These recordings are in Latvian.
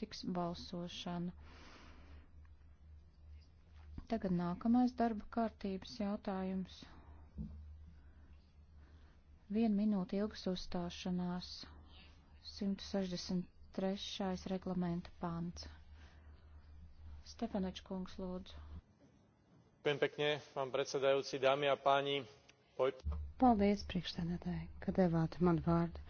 notiks balsošana. Tagad nākamais darba kārtības jautājums. Vienu minūti ilgas uzstāšanās 163. reglamenta pants. Stefanečs kungs lūdzu. Pekne, pán predsedajúci, dámy a páni. Paldies, priekšstādātāji, ka devāt man vārdu.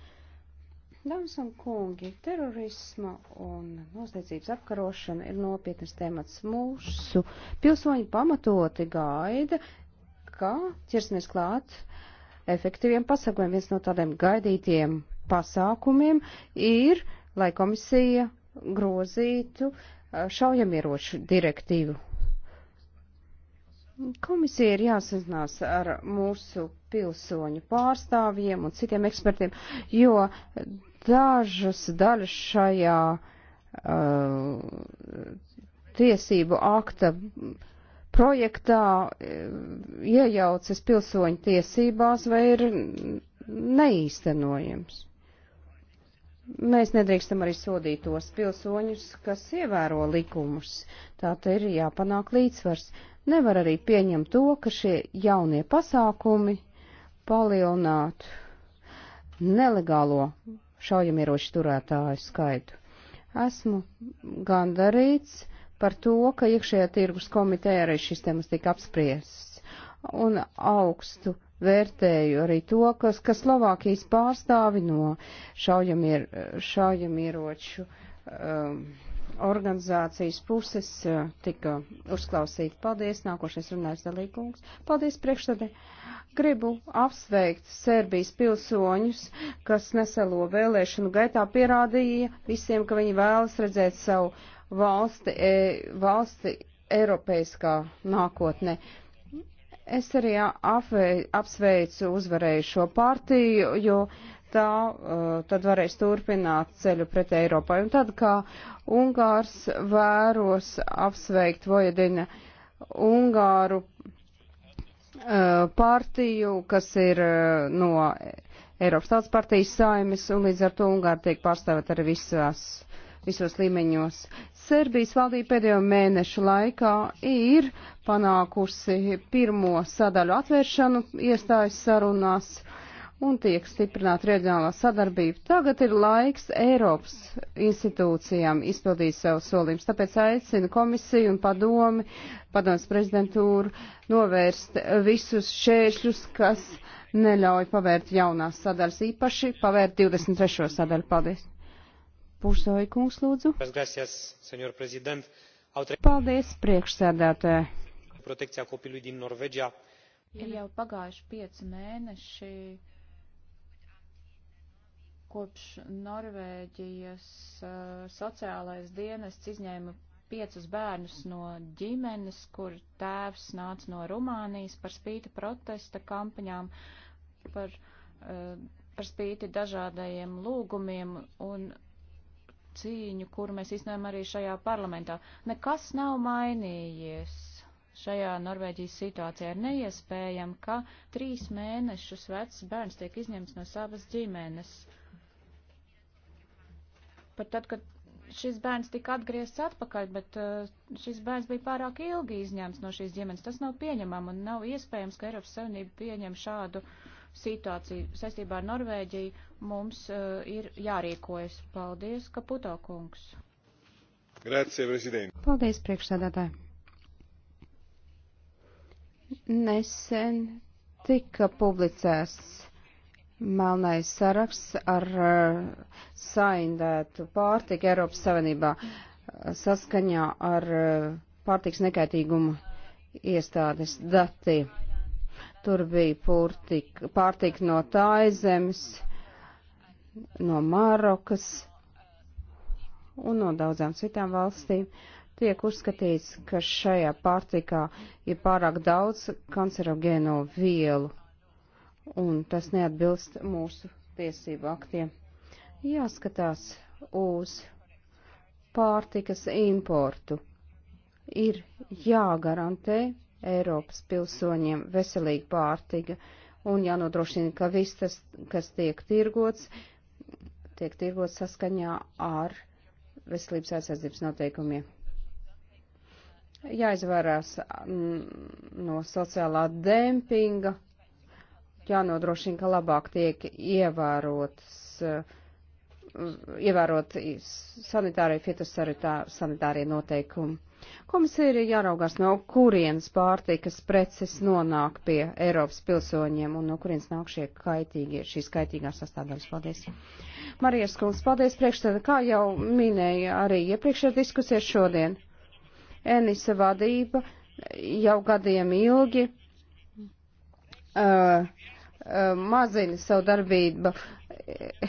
Dāmas un kungi, terorisma un noziedzības apkarošana ir nopietnas temats mūsu. Pilsoņi pamatoti gaida, ka ķersimies klāt efektīviem pasākumiem. Viens no tādiem gaidītiem pasākumiem ir, lai komisija grozītu šaujamieroču direktīvu. Komisija ir jāsazinās ar mūsu pilsoņu pārstāvjiem un citiem ekspertiem, jo dažas daļas šajā uh, tiesību akta projektā uh, iejaucas pilsoņu tiesībās vai ir neīstenojams. Mēs nedrīkstam arī sodīt tos pilsoņus, kas ievēro likumus. Tā te ir jāpanāk līdzsvars. Nevar arī pieņemt to, ka šie jaunie pasākumi palielinātu nelegālo šaujamieroču turētāju skaitu. Esmu gandarīts par to, ka iekšējā tirgus komiteja arī šis temats tika apspriests. Un augstu vērtēju arī to, kas, ka Slovākijas pārstāvi no šaujamieroču. Šaujamieroču um, organizācijas puses tika uzklausīti. Paldies, nākošais runājas dalīkums. Paldies, priekšsēdē. Gribu apsveikt Serbijas pilsoņus, kas neselo vēlēšanu gaitā pierādīja visiem, ka viņi vēlas redzēt savu valsti, e, valsti Eiropeiskā nākotnē. Es arī apvei, apsveicu uzvarējušo partiju, jo tā uh, tad varēs turpināt ceļu pret Eiropai. Un tad, kā Ungārs vēros apsveikt Vojedina Ungāru uh, partiju, kas ir uh, no Eiropas tautas partijas saimes, un līdz ar to Ungāri tiek pārstāvēt arī visās, visos līmeņos. Serbijas valdība pēdējo mēnešu laikā ir panākusi pirmo sadaļu atvēršanu iestājas sarunās. Uh, un tiek stiprināta reģionālā sadarbība. Tagad ir laiks Eiropas institūcijām izpildīt savus solījumus, tāpēc aicinu komisiju un padomi, padomas prezidentūru novērst visus šēršļus, kas neļauj pavērt jaunās sadaļas, īpaši pavērt 23. sadaļu. Paldies! Pusoja kungs, lūdzu. Paldies, priekšsēdētāji. Protekcija kopilui din Norvēģijā. Ir jau pagājuši pieci mēneši Kopš Norvēģijas eh, sociālais dienests izņēma piecus bērnus no ģimenes, kur tēvs nāca no Rumānijas par spīti protesta kampaņām, par, eh, par spīti dažādajiem lūgumiem un cīņu, kuru mēs iznēm arī šajā parlamentā. Nekas nav mainījies šajā Norvēģijas situācijā. Ir neiespējami, ka trīs mēnešus vecs bērns tiek izņemts no savas ģimenes. Uh, pat tad, kad šis bērns tika atgriezts atpakaļ, bet uh, šis bērns bija pārāk ilgi izņemts no šīs ģimenes. Tas nav pieņemam un nav iespējams, ka Eiropas Savienība pieņem šādu situāciju. Saistībā ar Norvēģiju mums uh, ir jārīkojas. Paldies, Kaputo kungs. Grācie, prezident. Paldies, priekšsēdētāji. Nesen tika publicēts melnais saraksts ar uh, saindētu pārtiku Eiropas Savienībā uh, saskaņā ar uh, pārtiks nekaitīgumu iestādes datiem. Tur bija pārtika, pārtika no Taizemes, no Marokas un no daudzām citām valstīm. Tiek uzskatīts, ka šajā pārtikā ir pārāk daudz kancerogēno vielu un tas neatbilst mūsu tiesību aktiem. Jāskatās uz pārtikas importu. Ir jāgarantē Eiropas pilsoņiem veselīga pārtika un jānodrošina, ka viss tas, kas tiek tirgots, tiek tirgots saskaņā ar veselības aizsardzības noteikumiem. Jāizvairās mm, no sociālā dempinga jānodrošina, ka labāk tiek ievērotas, eh, ievērot sanitārie, fitosanitārie noteikumi. Komisija ir jāraugās, no kurienes pārtikas preces nonāk pie Eiropas pilsoņiem un no kurienes nāk šie kaitīgie, šīs kaitīgās sastāvdaļas. Paldies. Marijas Kungs, paldies priekšstādā, kā jau minēja arī iepriekšējā diskusijā šodien. Enisa vadība jau gadiem ilgi. Uh, mazina savu darbību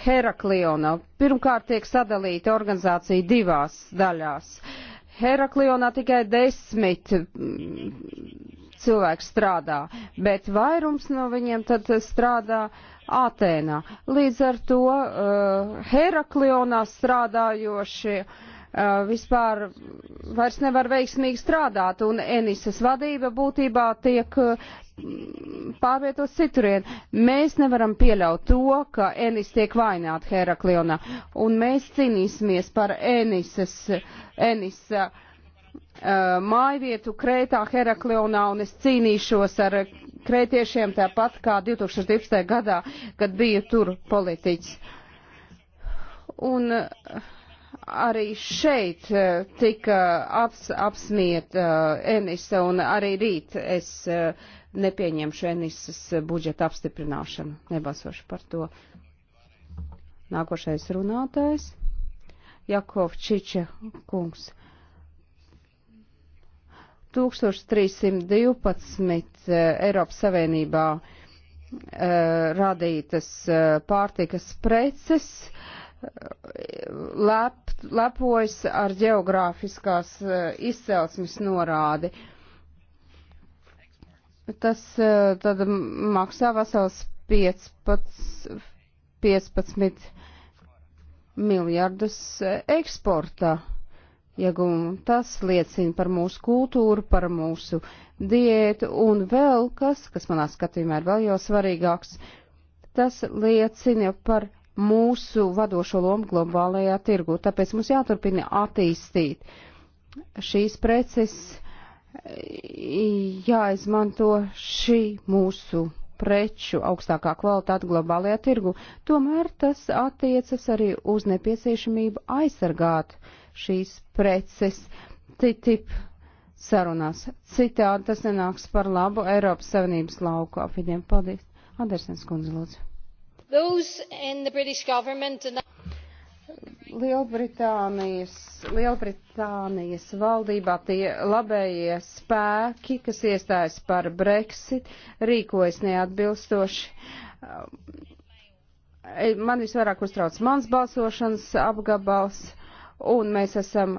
Heraklionā. Pirmkārt tiek sadalīta organizācija divās daļās. Heraklionā tikai desmit mm, cilvēki strādā, bet vairums no viņiem tad strādā Ātēnā. Līdz ar to uh, Heraklionā strādājošie uh, vispār vairs nevar veiksmīgi strādāt, un Enises vadība būtībā tiek uh, pārvietos citurien. Mēs nevaram pieļaut to, ka Enis tiek vaināta Heraklionā, un mēs cīnīsimies par Enises, Enisa uh, mājvietu Krētā Heraklionā, un es cīnīšos ar krētiešiem tāpat kā 2012. gadā, kad biju tur politiķis. Un uh, arī šeit uh, tika aps, apsmiet uh, Enisa, un arī rīt es uh, nepieņemšu Enisas budžeta apstiprināšanu, nebalsošu par to. Nākošais runātājs - Jakov Čiča kungs. 1312 eh, Eiropas Savienībā eh, radītas eh, pārtikas preces lep, lepojas ar geogrāfiskās izcelsmes norādi. Uh, Tas e, tad maksā vesels 15, 15 miljardus e, eksportā ieguvumu. Tas liecina par mūsu kultūru, par mūsu diētu un vēl kas, kas manā skatījumā ir vēl jau svarīgāks, tas liecina par mūsu vadošo lomu globālajā tirgu. Tāpēc mums jāturpina attīstīt šīs preces jāizmanto šī mūsu preču augstākā kvalitāte globālajā tirgu. Tomēr tas attiecas arī uz nepieciešamību aizsargāt šīs preces TTIP sarunās. Citādi tas nenāks par labu Eiropas Savienības lauku apvidiem. Paldies. Andersens kundze, lūdzu. And... Lielbritānijas, Lielbritānijas valdībā tie labējie spēki, kas iestājas par Brexit, rīkojas neatbilstoši. Man visvairāk uztrauc mans balsošanas apgabals, un mēs esam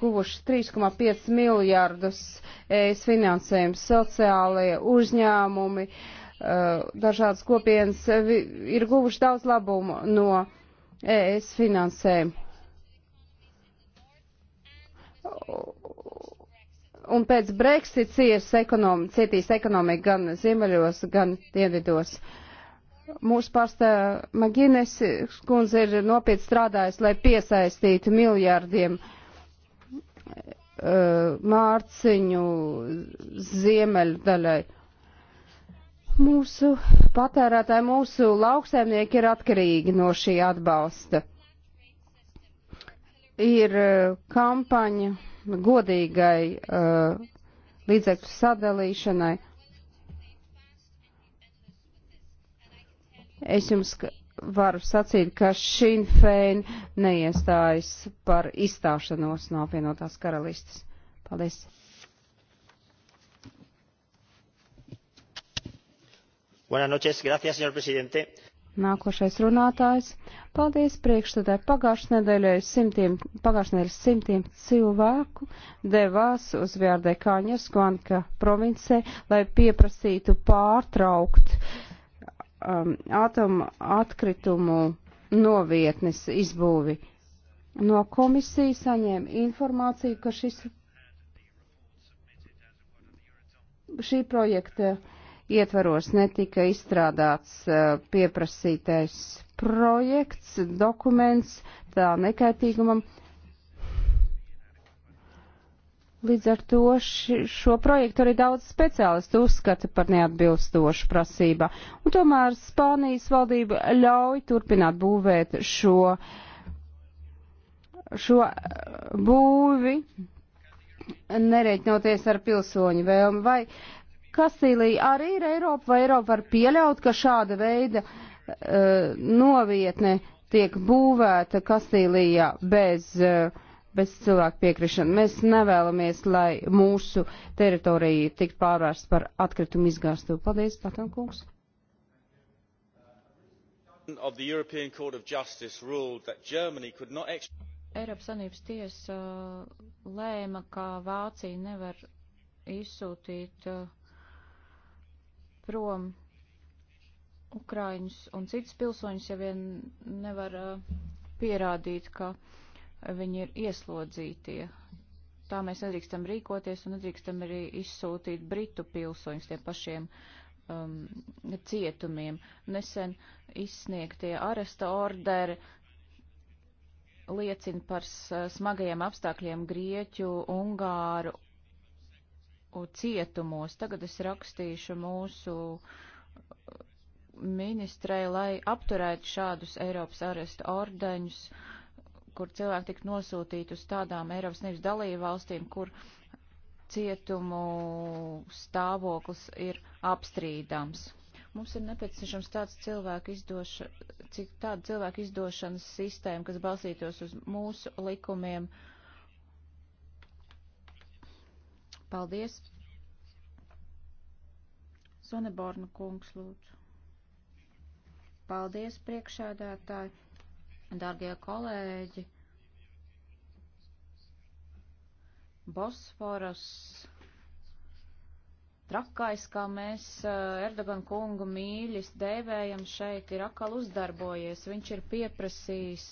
guvuši 3,5 miljārdus ES finansējumu sociālajie uzņēmumi, eh, dažādas kopienas ir guvuši daudz labumu no ES finansēm. Un pēc Brexit cieš ekonom, cietīs ekonomika gan ziemeļos, gan dienvidos. Mūsu pārstāvja Magines skundze ir nopietni strādājusi, lai piesaistītu miljārdiem uh, e, mārciņu ziemeļu daļai. Mūsu patērētāji, mūsu lauksaimnieki ir atkarīgi no šī atbalsta. Ir e, kampaņa godīgai uh, līdzekļu sadalīšanai. Es jums varu sacīt, ka Šīn Fein neiestājas par izstāšanos no apvienotās karalistes. Paldies! señor presidente. Nākošais runātājs. Paldies priekšstādē. Pagājušajā nedēļā simtiem, pagājušajā nedēļā simtiem cilvēku devās uz Vjārdē Kāņas, Guanka provincē, lai pieprasītu pārtraukt um, atomu atkritumu novietnes izbūvi. No komisijas saņēma informāciju, ka šis, šī projekta uh, ietvaros netika izstrādāts eh, pieprasītais projekts, dokuments tā nekaitīgumam. Līdz ar to ši, šo projektu arī daudz speciālistu uzskata par neatbilstošu prasībā. Un tomēr Spānijas valdība ļauj turpināt būvēt šo, šo eh, būvi, nereiķinoties ar pilsoņu vēlmi. Vai Kastīlija arī ir Eiropa, vai Eiropa var pieļaut, ka šāda veida uh, novietne tiek būvēta Kastīlijā bez, uh, bez cilvēku piekrišana. Mēs nevēlamies, lai mūsu teritorija tiktu pārvērsta par atkritumu izgāstu. Paldies, Patankungs. Eiropas Sanības tiesa eh, lēma, ka Vācija nevar izsūtīt uh, prom Ukraiņus un citus pilsoņus, ja vien nevar uh, pierādīt, ka viņi ir ieslodzītie. Tā mēs nedrīkstam rīkoties un nedrīkstam arī izsūtīt britu pilsoņus tiem pašiem um, cietumiem. Nesen izsniegtie aresta orderi liecina par smagajiem apstākļiem Grieķu, Ungāru cietumos. Tagad es rakstīšu mūsu ministrei, lai apturētu šādus Eiropas arestu ordeņus, kur cilvēki tik nosūtīti uz tādām Eiropas Savienības dalību valstīm, kur cietumu stāvoklis ir apstrīdams. Mums ir nepieciešams tāds cilvēku izdoša, cik tāda cilvēku izdošanas sistēma, kas balstītos uz mūsu likumiem, uh, Paldies. Soneborna kungs, lūdzu. Paldies, priekšēdētāji, dārgie kolēģi. Bosforas trakais, kā mēs eh, Erdogan kungu mīļis dēvējam šeit, ir atkal uzdarbojies. Viņš ir pieprasījis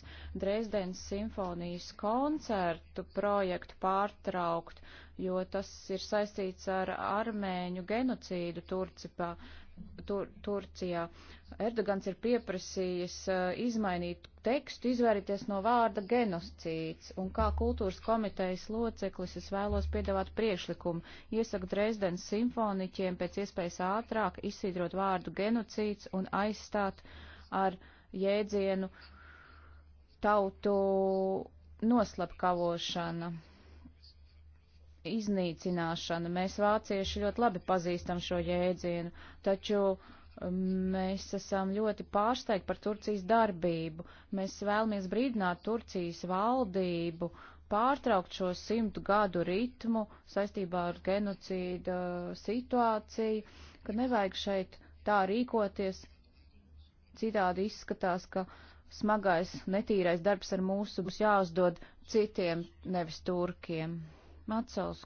Dresdens simfonijas koncertu projektu pārtraukt, jo tas ir saistīts ar armēņu genocīdu Turcipā. Uh, Tur, Turcijā. Erdogans ir pieprasījis uh, izmainīt tekstu, izvairīties no vārda genocīds, un kā kultūras komitejas loceklis es vēlos piedāvāt priekšlikumu, iesaku Dresdens simfoniķiem pēc iespējas ātrāk izsīdrot vārdu genocīds un aizstāt ar jēdzienu tautu noslapkavošana iznīcināšana. Mēs vācieši ļoti labi pazīstam šo jēdzienu, taču um, mēs esam ļoti pārsteigti par Turcijas darbību. Mēs vēlamies brīdināt Turcijas valdību pārtraukt šo simtu gadu ritmu saistībā ar genocīda situāciju, ka nevajag šeit tā rīkoties. Citādi izskatās, ka smagais, netīrais darbs ar mūsu būs jāuzdod citiem, nevis turkiem. Macels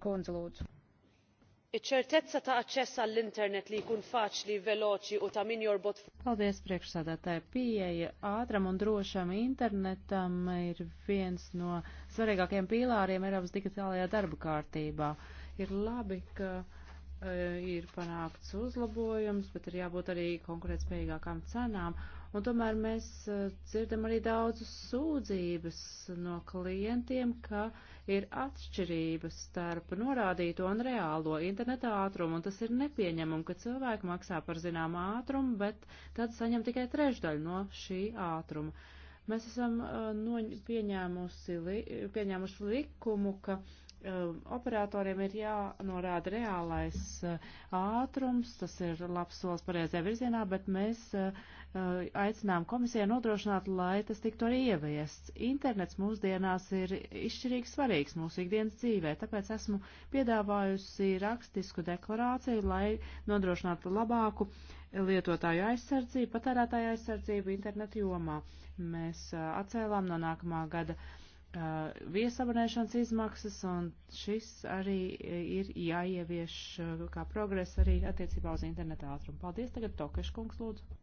kundze lūdzu. Iċ-ċertezza ta' aċċess għall-internet li jkun faċli, veloċi u ta' min jorbot. Paldies priekšsādātāji. Pieeja ātram un drošam internetam ir viens no svarīgākajiem pīlāriem Eiropas digitālajā darba kārtībā. Ir labi, ka uh, ir panākts uzlabojums, bet ir jābūt arī konkurētspējīgākām cenām Un tomēr mēs e, dzirdam arī daudzas sūdzības no klientiem, ka ir atšķirības starp norādīto un reālo interneta ātrumu, un tas ir nepieņemumi, ka cilvēki maksā par zinām ātrumu, bet tad saņem tikai trešdaļu no šī ātruma. Mēs esam uh, e, no, pieņēmusi, li, pieņēmuši likumu, ka uh, operatoriem ir jānorāda reālais uh, ātrums, tas ir labs solis pareizajā virzienā, bet mēs uh, Eh, aicinām komisijai nodrošināt, lai tas tiktu arī ieviests. Internets mūsdienās ir izšķirīgi svarīgs mūsu ikdienas dzīvē, tāpēc esmu piedāvājusi rakstisku deklarāciju, lai nodrošinātu labāku lietotāju aizsardzību, patērētāju aizsardzību internetu jomā. Mēs eh, atcēlām no nākamā gada eh, viesabonēšanas izmaksas, un šis arī ir jāievieš kā progress arī attiecībā uz internetu ātrumu. Paldies, tagad Tokeškungs lūdzu.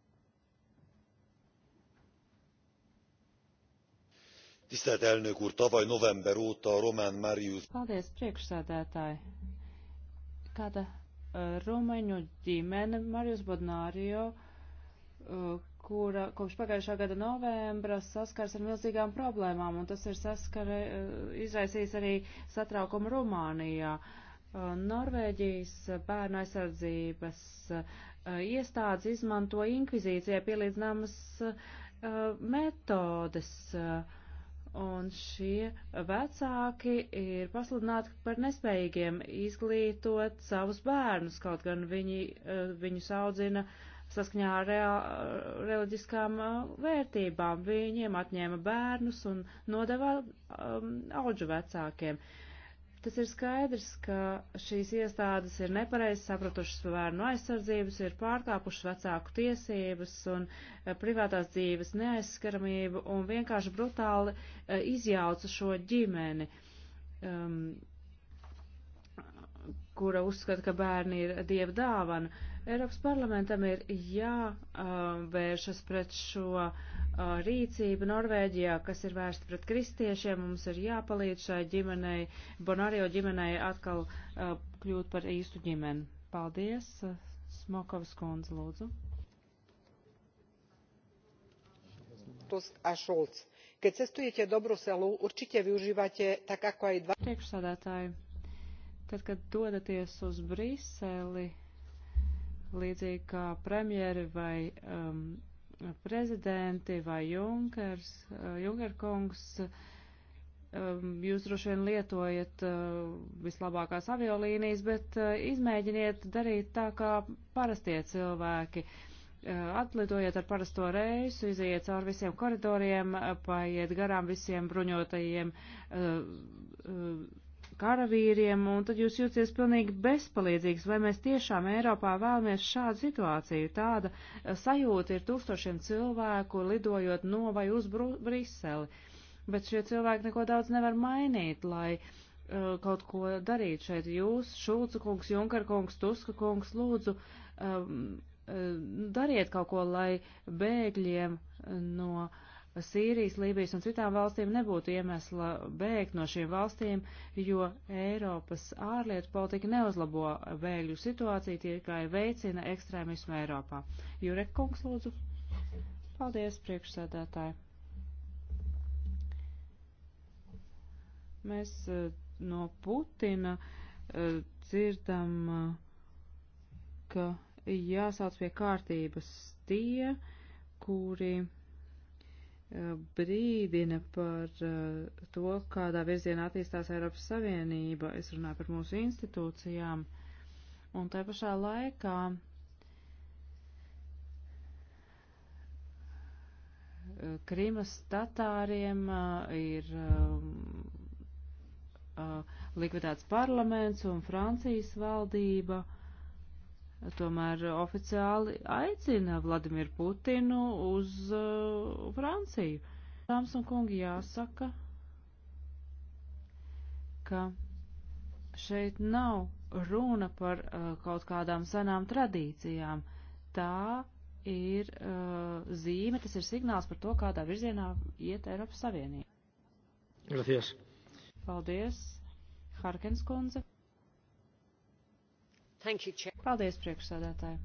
Tisztelt elnök úr, tavaly november óta a román Marius... Paldies, priekšsēdētāji. Kāda uh, romaņu ģimene, Marius Bodnārio, uh, kura kopš pagājušā gada novembra saskars ar milzīgām problēmām, un tas ir saskare, izraisījis arī satraukumu Rumānijā. Norvēģijas bērnu aizsardzības iestādes izmanto inkvizīcijai pielīdzināmas metodes. Uh, un šie vecāki ir pasludināti par nespējīgiem izglītot savus bērnus, kaut gan viņi eh, viņus audzina saskaņā ar reliģiskām eh, vērtībām. Viņiem atņēma bērnus un nodeva um, auģu vecākiem. Uh, Tas ir skaidrs, ka šīs iestādes ir nepareizi sapratušas bērnu aizsardzības, ir pārkāpušas vecāku tiesības un eh, privātās dzīves neaizskaramību un vienkārši brutāli eh, izjauca šo ģimeni. Um, kura uzskata, ka bērni ir dieva dāvana. Eiropas parlamentam ir jāvēršas pret šo rīcība Norvēģijā, kas ir vērsta pret kristiešiem. Mums ir jāpalīdz šai ģimenei, Bonario ģimenei atkal uh, kļūt par īstu ģimeni. Paldies, Smokovs kundze, lūdzu. Tusk a Šulc. Keď cestujete do Bruselu, určite využívate tak ako aj dva... Priekšsādātāji, tad, kad dodaties uz Briseli, līdzīgi kā premjeri vai um, prezidenti vai Junkers, eh, Junkerkungs, eh, jūs droši vien lietojat eh, vislabākās aviolīnijas, bet izmēģiniet darīt tā, kā parastie cilvēki. Atlidojiet ar parasto reisu, iziet cauri visiem koridoriem, paiet garām visiem bruņotajiem karavīriem, un tad jūs jūties pilnīgi bezpalīdzīgs, vai mēs tiešām Eiropā vēlamies šādu situāciju. Tāda eh, sajūta ir tūkstošiem cilvēku lidojot no vai uz Bru Briseli, bet šie cilvēki neko daudz nevar mainīt, lai uh, kaut ko darītu šeit. Jūs, Šulca kungs, Junkar kungs, Tuska kungs, lūdzu, um, dariet kaut ko, lai bēgļiem no. Uh, Sīrijas, Lībijas un citām valstīm nebūtu iemesla bēgt no šīm valstīm, jo Eiropas ārlietu politika neuzlabo bēgļu situāciju, tikai veicina ekstrēmismu Eiropā. Jurek kungs, lūdzu. Paldies, priekšsēdētāji. Mēs eh, no Putina eh, dzirdam, eh, ka jāsauc pie kārtības tie, kuri Eh, brīdina par eh, to, kādā virzienā attīstās Eiropas Savienība. Es runāju par mūsu institūcijām. Un tajā pašā laikā eh, Krimas tatāriem ir likvidēts parlaments un Francijas valdība tomēr oficiāli aicina Vladimiru Putinu uz uh, Franciju. Dāmas un kungi, jāsaka, ka šeit nav runa par uh, kaut kādām senām tradīcijām. Tā ir uh, zīme, tas ir signāls par to, kādā virzienā iet Eiropas Savienība. Gracias. Paldies, Harkins kundze. You, Paldies, priekšsādātāji.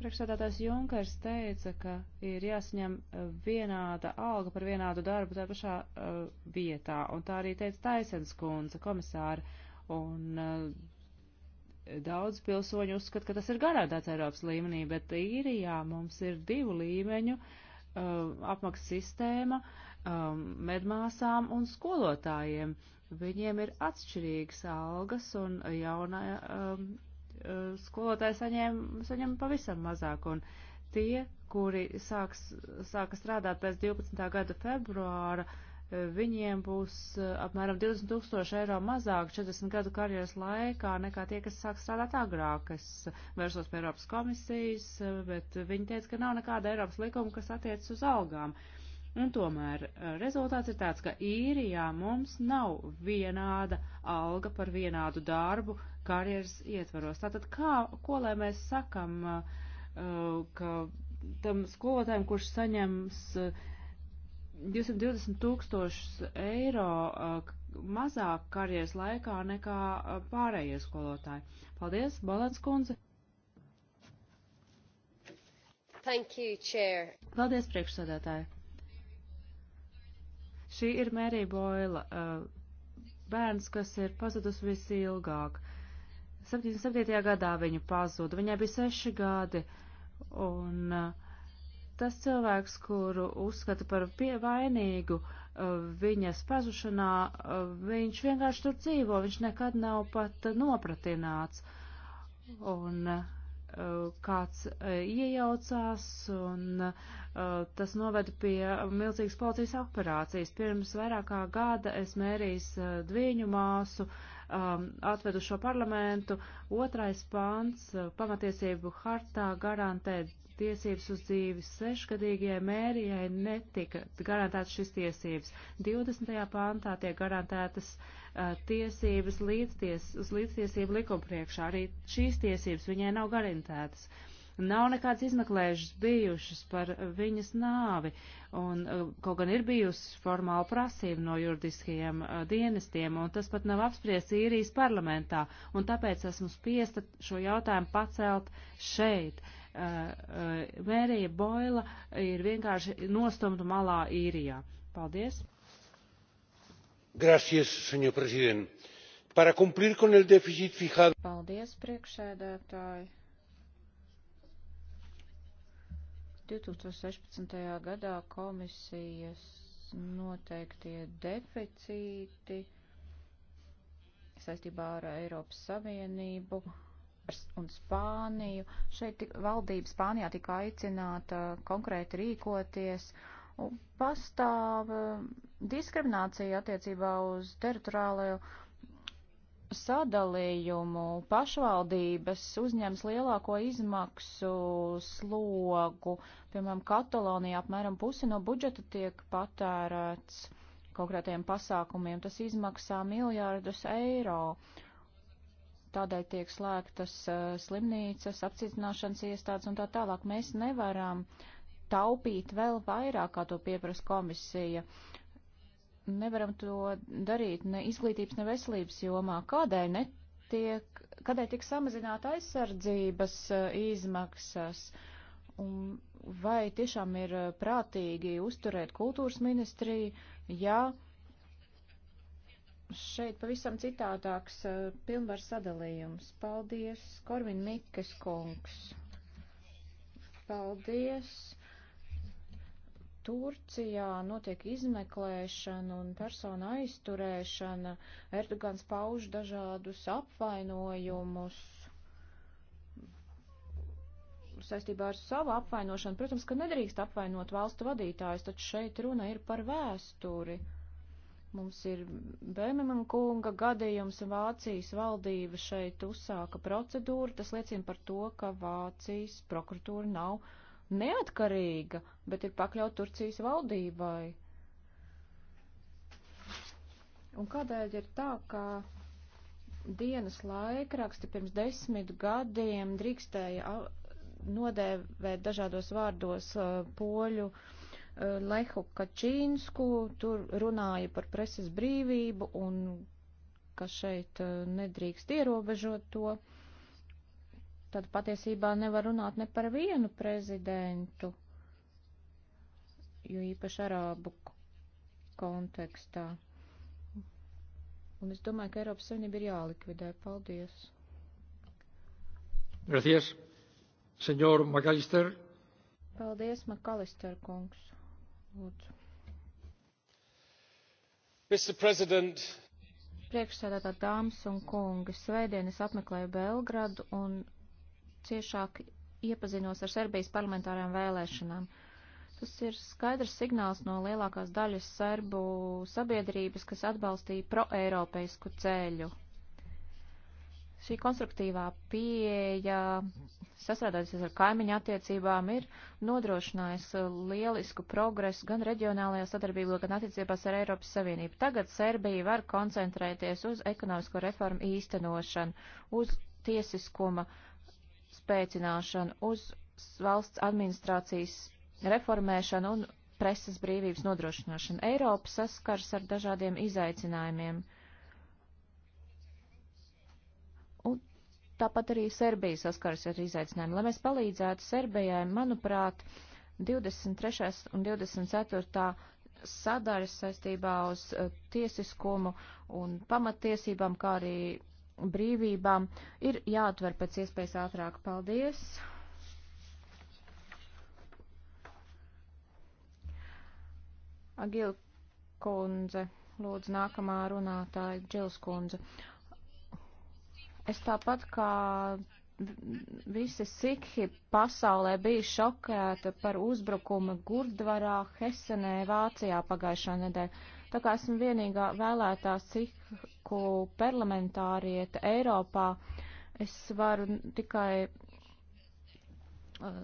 Priekšsādātājs Junkers teica, ka ir jāsaņem e, vienāda alga par vienādu darbu tajā pašā uh, vietā, un tā arī teica Taisens kundze, komisāra, un uh, daudz pilsoņu uzskata, ka tas ir garādāts Eiropas līmenī, bet īrijā mums ir divu līmeņu uh, apmaksas sistēma um, medmāsām un skolotājiem. Uh, Viņiem ir atšķirīgas algas un jaunā um, uh, skolotāja saņem, saņem pavisam mazāk. Un tie, kuri sāks, sāka strādāt pēc 12. gada februāra, uh, viņiem būs uh, apmēram 20 tūkstoši eiro mazāk 40 gadu karjeras laikā nekā tie, kas sāk strādāt agrāk. Es vērsos pie Eiropas komisijas, bet viņi teica, ka nav nekāda Eiropas likuma, kas attiecas uz algām. Uh, Un tomēr eh, rezultāts ir tāds, ka īrijā mums nav vienāda alga par vienādu darbu karjeras ietvaros. Tātad kā, ko lai mēs sakam, eh, ka tam skolotājiem, kurš saņems 220 eh, tūkstošus eiro mazāk karjeras laikā nekā pārējie skolotāji. Paldies, Balans kundze! Thank you, Chair. Paldies, priekšsādātāji! Šī ir Mary Boila, uh, bērns, kas ir pazudus visilgāk. 77. gadā viņa pazuda, viņai bija seši gadi, un uh, tas cilvēks, kuru uzskata par vainīgu uh, viņas pazušanā, viņš vienkārši tur dzīvo, viņš nekad nav pat nopratināts. Un uh, Eh, kāds eh, iejaucās, un eh, tas noveda pie milzīgas policijas operācijas. Pirms vairākā gada es mērījis dviņu māsu, atvedu šo parlamentu. Otrais pants pamatiesību hartā garantē tiesības uz dzīvi sešgadīgajai mērijai netika garantētas šis tiesības. 20. pāntā tiek garantētas uh, tiesības līdzties, uz līdztiesību likuma priekšā. Arī šīs tiesības viņai nav garantētas. Nav nekādas izmeklēšanas bijušas par viņas nāvi, un uh, kaut gan ir bijusi formāla prasība no juridiskajiem uh, dienestiem, un tas pat nav apspriests īrijas parlamentā, un tāpēc esmu spiesta šo jautājumu pacelt šeit. Uh, Eh, eh, Mērija Boila ir vienkārši nostumta malā īrijā. Paldies! Gracias, señor presidente. Para cumplir con el déficit fijado. Paldies, priekšsēdētāji. 2016. gadā komisijas noteiktie deficīti saistībā ar Eiropas Savienību un Spāniju. Šeit valdība Spānijā tika aicināta konkrēti rīkoties. Un pastāv um, diskriminācija attiecībā uz teritoriālajo sadalījumu. Pašvaldības uzņems lielāko izmaksu slogu. Piemēram, Katalonijā apmēram pusi no budžeta tiek patērēts konkrētiem pasākumiem. Tas izmaksā miljārdus eiro. Uh, tādēļ tiek slēgtas uh, slimnīcas, apcietināšanas iestādes un tā tālāk. Mēs nevaram taupīt vēl vairāk, kā to pieprasa komisija. Nevaram to darīt ne izglītības, ne veselības jomā. Kādēļ netiek, kādēļ tiek samazināta aizsardzības uh, izmaksas? Un vai tiešām ir uh, prātīgi uzturēt kultūras ministriju, ja šeit pavisam citādāks uh, eh, pilnvars sadalījums. Paldies, Korvin Mikas kungs. Paldies. Turcijā notiek izmeklēšana un persona aizturēšana. Erdogans pauž dažādus apvainojumus saistībā ar savu apvainošanu. Protams, ka nedrīkst apvainot valstu vadītājus, taču šeit runa ir par vēsturi. Uh, Mums ir Bēmeman kunga gadījums, Vācijas valdība šeit uzsāka procedūru, tas liecina par to, ka Vācijas prokuratūra nav neatkarīga, bet ir pakļaut Turcijas valdībai. Un kādēļ ir tā, ka dienas laikraksti pirms desmit gadiem drīkstēja nodēvēt dažādos vārdos uh, poļu uh, Eh, Lehu Kačīnsku, tur runāja par preses brīvību un ka šeit eh, nedrīkst ierobežot to, tad patiesībā nevar runāt ne par vienu prezidentu, jo īpaši arābu kontekstā. Un es domāju, ka Eiropas Savienība ir jālikvidē. Paldies. Gracias, senor Makalister. Paldies, Makalister kungs. Lūdzu. Priekšsēdētā dāmas un kungi, svētdien es apmeklēju Belgradu un ciešāk iepazinos ar Serbijas parlamentārajām vēlēšanām. Tas ir skaidrs signāls no lielākās daļas serbu sabiedrības, kas atbalstīja proeiropeisku ceļu. Šī konstruktīvā pieeja, sastrādājusies ar kaimiņu attiecībām, ir nodrošinājusi uh, lielisku progresu gan reģionālajā sadarbībā, gan attiecībās ar Eiropas Savienību. Tagad Serbija var koncentrēties uz ekonomisko reformu īstenošanu, uz tiesiskuma spēcināšanu, uz valsts administrācijas reformēšanu un preses brīvības nodrošināšanu. Eiropa saskars ar dažādiem izaicinājumiem. Tāpat arī Serbija saskaras ar izaicinājumu. Lai mēs palīdzētu Serbijai, manuprāt, 23. un 24. sadaļas saistībā uz eh, tiesiskumu un pamatiesībām, kā arī brīvībām, ir jāatver pēc iespējas ātrāk. Paldies! Agil kundze, lūdzu nākamā runātāja Džils kundze. Uh, Es tāpat kā visi sikhi pasaulē bija šokēta par uzbrukumu Gurdvarā, Hesenē, Vācijā pagājušā nedēļa. Tā kā esmu vienīgā vēlētā sikhu parlamentārieta Eiropā, es varu tikai uh,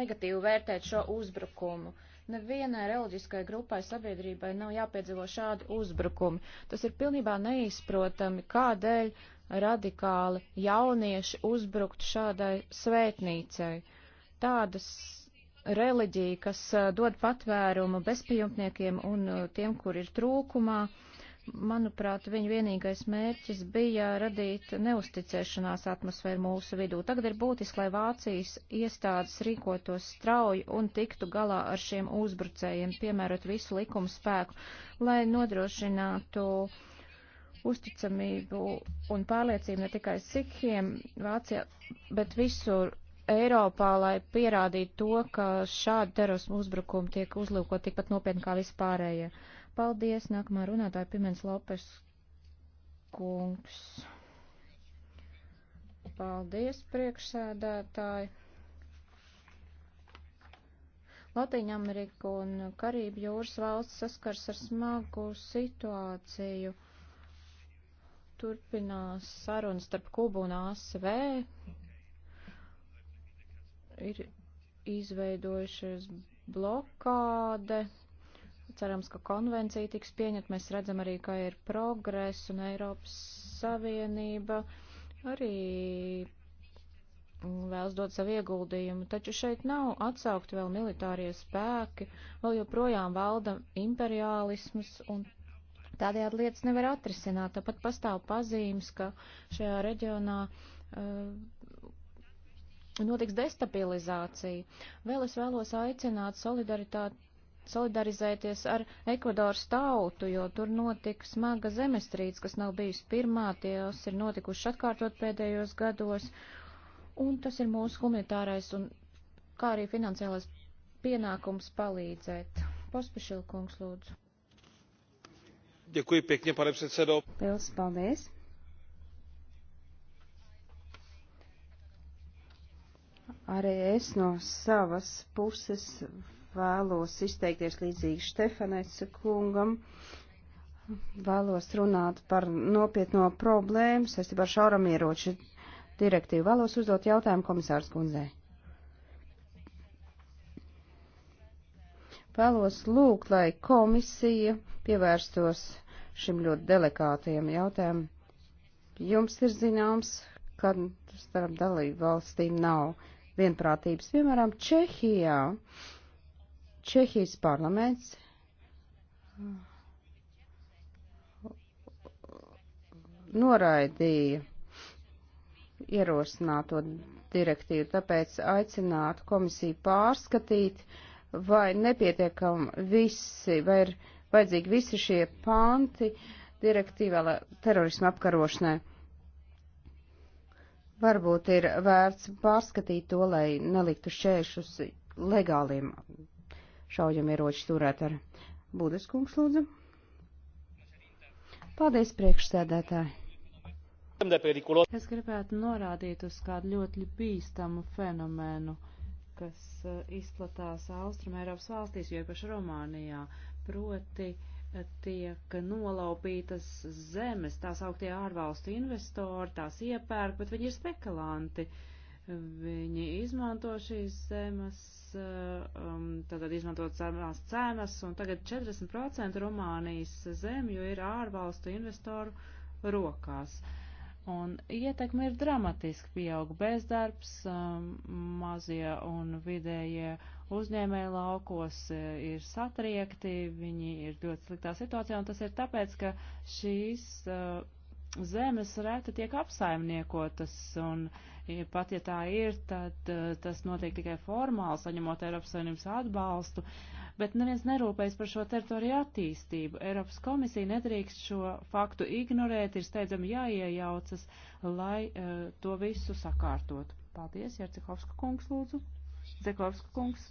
negatīvi vērtēt šo uzbrukumu. Nevienai reliģiskai grupai sabiedrībai nav jāpiedzīvo šādi uzbrukumi. Tas ir pilnībā neizprotami, kādēļ uh, radikāli jaunieši uzbrukt šādai svētnīcai. Tādas reliģija, kas dod patvērumu bezpajumtniekiem un tiem, kur ir trūkumā. Manuprāt, viņa vienīgais mērķis bija radīt neusticēšanās atmosfēru mūsu vidū. Tagad ir būtiski, lai Vācijas iestādes rīkotos strauji un tiktu galā ar šiem uzbrucējiem, piemērot visu likumu spēku, lai nodrošinātu uh, uzticamību un pārliecību ne tikai Sikhiem Vācijā, bet visur Eiropā, lai pierādītu to, ka šādi terorismu uzbrukumi tiek uzlūkot tikpat nopietni kā vispārējie. Paldies, nākamā runātāja Pimens Lopes kungs. Paldies, priekšsēdētāji. Latīņa Amerika un Karību jūras valsts saskars ar smagu situāciju turpinās sarunas starp Kubu un ASV. Ir izveidojušies blokāde. Cerams, ka konvencija tiks pieņemta. Mēs redzam arī, ka ir progress un Eiropas Savienība arī vēlas dot savu ieguldījumu, taču šeit nav atsaukti vēl militārie spēki, vēl joprojām valda imperiālisms un Tādējādi lietas nevar atrisināt. Tāpat pastāv pazīmes, ka šajā reģionā uh, notiks destabilizācija. Vēl es vēlos aicināt solidarizēties ar Ekvadoras tautu, jo tur notika smaga zemestrīce, kas nav bijusi pirmā, tās ir notikušas atkārtot pēdējos gados, un tas ir mūsu humanitārais un kā arī finansiālais pienākums palīdzēt. Pospišilkungs lūdzu. Děkuji pěkně, pane předsedo. Pils, paldies. Arī es no savas puses vēlos izteikties līdzīgi Štefanesa kungam. Vēlos runāt par nopietno problēmu saistībā ar šauramieroču direktīvu. Vēlos uzdot jautājumu komisārs kundzei. Vēlos lūgt, lai komisija pievērstos šim ļoti delikātajam jautājumam. Jums ir zināms, ka starp dalību valstīm nav vienprātības. Piemēram, Čehijā, Čehijas parlaments uh, noraidīja ierosināto direktīvu, tāpēc aicinātu komisiju pārskatīt, vai nepietiekam visi, vai ir vajadzīgi visi šie panti direktīvā terorismu apkarošanai. Varbūt ir vērts pārskatīt to, lai neliktu šķēršus legāliem šaujamieroču turētājiem. Būdas kungs, lūdzu. Paldies, priekšsēdētāji. Es gribētu norādīt uz kādu ļoti bīstamu fenomenu, kas eh, izplatās Austrum Eiropas valstīs, jo īpaši Romānijā proti eh, tiek nolaupītas zemes, tās augtie ārvalstu investori, tās iepērk, bet viņi ir spekulanti. Viņi izmanto šīs zemes, eh, um, tātad izmanto zemās cenas, un tagad 40% Rumānijas zemju ir ārvalstu investoru rokās. Un ietekme ir dramatiski pieaug bezdarbs, eh, mazie un vidējie uh, uzņēmēji laukos e, ir satriekti, viņi ir ļoti sliktā situācijā, un tas ir tāpēc, ka šīs uh, zemes reti tiek apsaimniekotas, un ja e, pat ja tā ir, tad uh, tas notiek tikai formāli, saņemot Eiropas Savienības atbalstu, bet neviens nerūpējas par šo teritoriju attīstību. Eiropas komisija nedrīkst šo faktu ignorēt, ir steidzami jāiejaucas, lai uh, to visu sakārtot. Paldies, Jercihovska kungs, lūdzu. Zekovska kungs.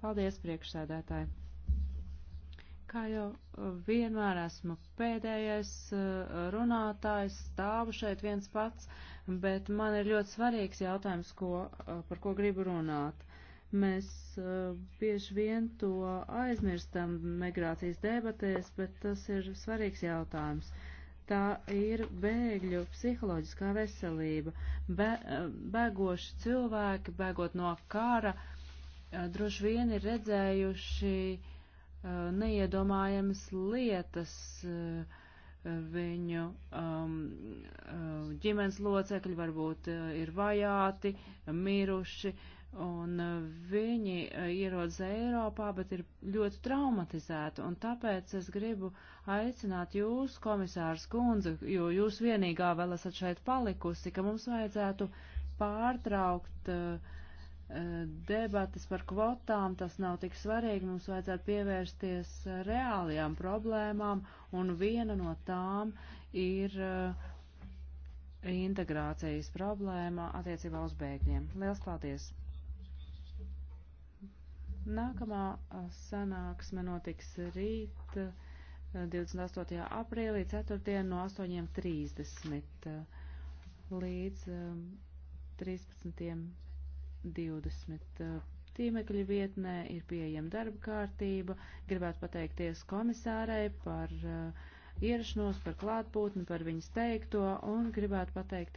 Paldies, priekšsēdētāji. Kā jau uh, vienmēr esmu pēdējais uh, runātājs, stāvu šeit viens pats, bet man ir ļoti svarīgs jautājums, ko, uh, par ko gribu runāt. Mēs bieži vien to aizmirstam migrācijas debatēs, bet tas ir svarīgs jautājums. Uh, tā ir bēgļu psiholoģiskā veselība. Be, bēgoši cilvēki, bēgot no kara, eh, droši vien ir redzējuši eh, neiedomājamas lietas eh, viņu um, ģimenes locekļi varbūt ir vajāti, miruši, Un e, viņi e, ierodas Eiropā, bet ir ļoti traumatizēti, un tāpēc es gribu aicināt jūs, komisārs Kundze, jo jūs vienīgā vēl esat šeit palikusi, ka mums vajadzētu pārtraukt uh, debatas par kvotām, tas nav tik svarīgi, mums vajadzētu pievērsties reālajām problēmām, un viena no tām ir integrācijas problēma attiecībā uz bēgļiem. Liels paldies! Nākamā sanāksme notiks rīt 28. aprīlī, ceturtdien no 8.30 līdz 13.20. Tīmekļa vietnē ir pieejama darba kārtība. Gribētu pateikties komisārai par ierašanos, par klātbūtni, par viņas teikto un gribētu pateikties.